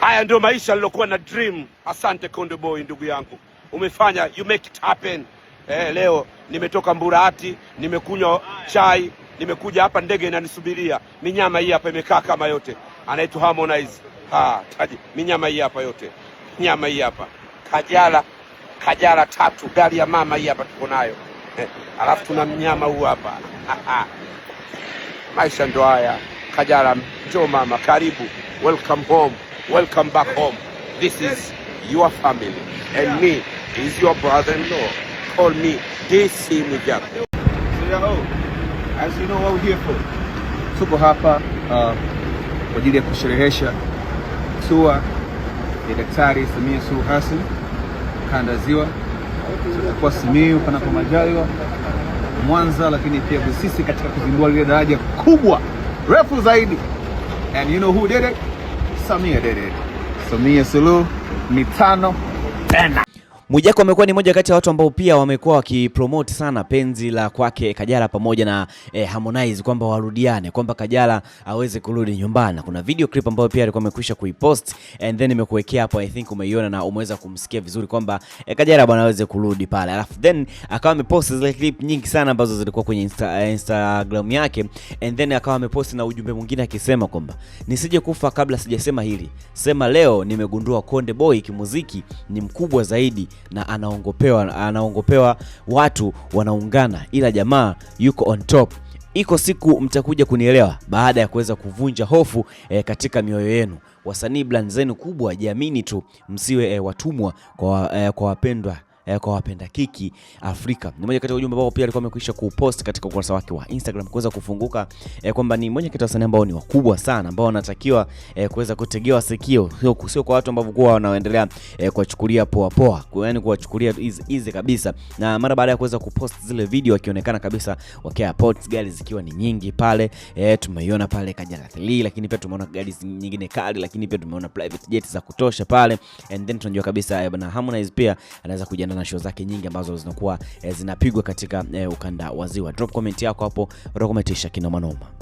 Haya ndio maisha nilokuwa na dream. Asante Konde Boy, ndugu yangu, umefanya you make it happen. Eh, leo nimetoka Mburahati, nimekunywa chai, nimekuja hapa, ndege inanisubiria. Minyama hii hapa imekaa kama yote, anaitwa Harmonize. Ha, taji minyama hii hapa yote, nyama hii hapa Kajala, Kajala tatu, gari ya mama hii hapa tuko nayo eh, alafu tuna mnyama huu hapa maisha ndo haya. Kajala, njoo mama, karibu, welcome home. Welcome back home. This is your family and me is your brother-in-law. Call me DC Mwijaku. So, as you know what we're here for. Tuko hapa uh, kwa ajili ya kusherehesha tua ya Daktari Samia Suluhu Hassan kanda Ziwa. Tutakuwa Simiyu panapo majaliwa Mwanza, lakini pia Busisi katika kuzindua lile daraja kubwa refu zaidi. And you know who did it? Samia Dede, Samia Suluhu mitano tena. Mwijaku amekuwa ni moja kati ya watu ambao pia wamekuwa wakipromote sana penzi la kwake Kajala pamoja na eh, Harmonize kwamba warudiane, kwamba Kajala aweze kurudi nyumbani, kuna video clip ambayo pia alikuwa amekwisha kuipost and then imekuwekea hapo, I think umeiona na umeweza kumsikia vizuri kwamba eh, Kajala bwana aweze kurudi pale, alafu then akawa amepost zile clip nyingi sana ambazo zilikuwa kwenye Insta, eh, Instagram yake and then akawa amepost na ujumbe mwingine akisema kwamba nisije kufa kabla sijasema hili, sema leo nimegundua Konde Boy kimuziki ni mkubwa zaidi na anaongopewa, anaongopewa, watu wanaungana, ila jamaa yuko on top. Iko siku mtakuja kunielewa baada ya kuweza kuvunja hofu e, katika mioyo yenu. Wasanii, brand zenu kubwa, jiamini tu, msiwe e, watumwa kwa, e, kwa wapendwa eh, kwa wapenda kiki Afrika. Ni moja kati ya ujumbe ambao pia alikuwa amekwisha kupost katika ukurasa wake wa Instagram kuweza kufunguka eh, kwamba ni moja kati ya wasanii ambao ni wakubwa sana ambao wanatakiwa eh, kuweza kutegewa sikio, sio sio kwa watu ambao kwa wanaendelea eh, kuwachukulia poa poa, yaani kuwachukulia easy kabisa. Na mara baada ya kuweza kupost zile video akionekana kabisa wakiwa airport, gari zikiwa ni nyingi pale eh, tumeiona pale Kajala 3 lakini pia tumeona gari nyingine kali, lakini pia tumeona private jet za kutosha pale and then tunajua kabisa eh, bwana Harmonize pia anaweza kujiandaa na show zake nyingi ambazo zinakuwa eh, zinapigwa katika eh, ukanda wa Ziwa. Drop comment yako hapo utakometisha kinomanoma.